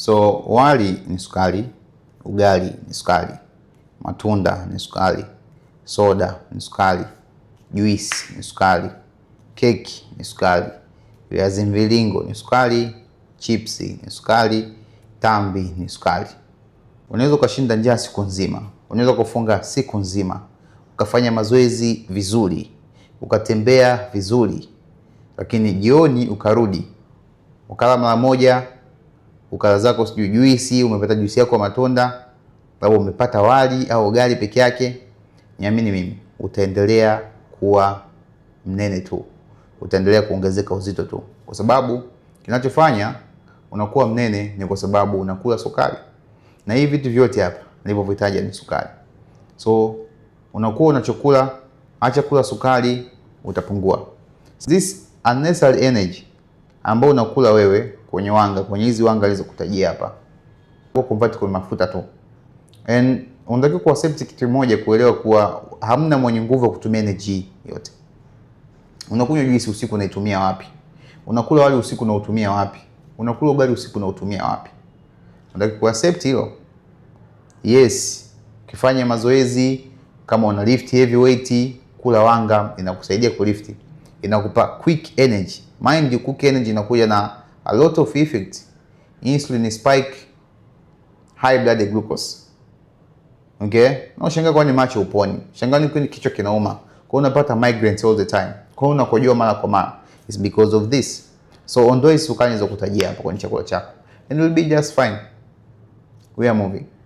So wali ni sukari, ugali ni sukari, matunda ni sukari, soda ni sukari, juisi ni sukari, keki ni sukari, viazi mviringo ni sukari, chipsi ni sukari, tambi ni sukari. Unaweza ukashinda njaa siku nzima, unaweza kufunga siku nzima, ukafanya mazoezi vizuri, ukatembea vizuri, lakini jioni ukarudi ukala mara moja ukala zako sijui juisi, umepata juisi yako ya matunda au umepata wali au ugali peke yake, niamini mimi, utaendelea kuwa mnene tu, utaendelea kuongezeka uzito tu, kwa sababu kinachofanya unakuwa mnene ni kwa sababu unakula sukari, na hivi vitu vyote hapa nilivyovitaja ni sukari. So unakuwa unachokula, acha kula sukari, utapungua. This unnecessary energy ambao unakula wewe kwenye wanga, kwenye hizi wanga alizokutajia hapa, kwa convert kwenye mafuta tu. And unatakiwa kuaccept kitu kimoja, kuelewa kuwa hamna mwenye nguvu ya kutumia energy yote. Unakunywa juisi usiku unaitumia wapi? Unakula wali usiku unautumia wapi? Unakula ugali usiku unautumia wapi? Unataka Unatakiwa kuaccept hilo. Yes, ukifanya mazoezi kama una lift heavy weight, kula wanga inakusaidia kulifti inakupa quick energy. Mind you, quick energy inakuja na a lot of effect, insulin spike, high blood glucose. Okay? Na kwa ni macho uponi. shanga ni kichwa kinauma. Kwa unapata migraines all the time. Kwa unakojua mara kwa mara. is because of this. So ondoa sukari hizo kutajia hapo kwenye chakula chako. And it will be just fine. We are moving.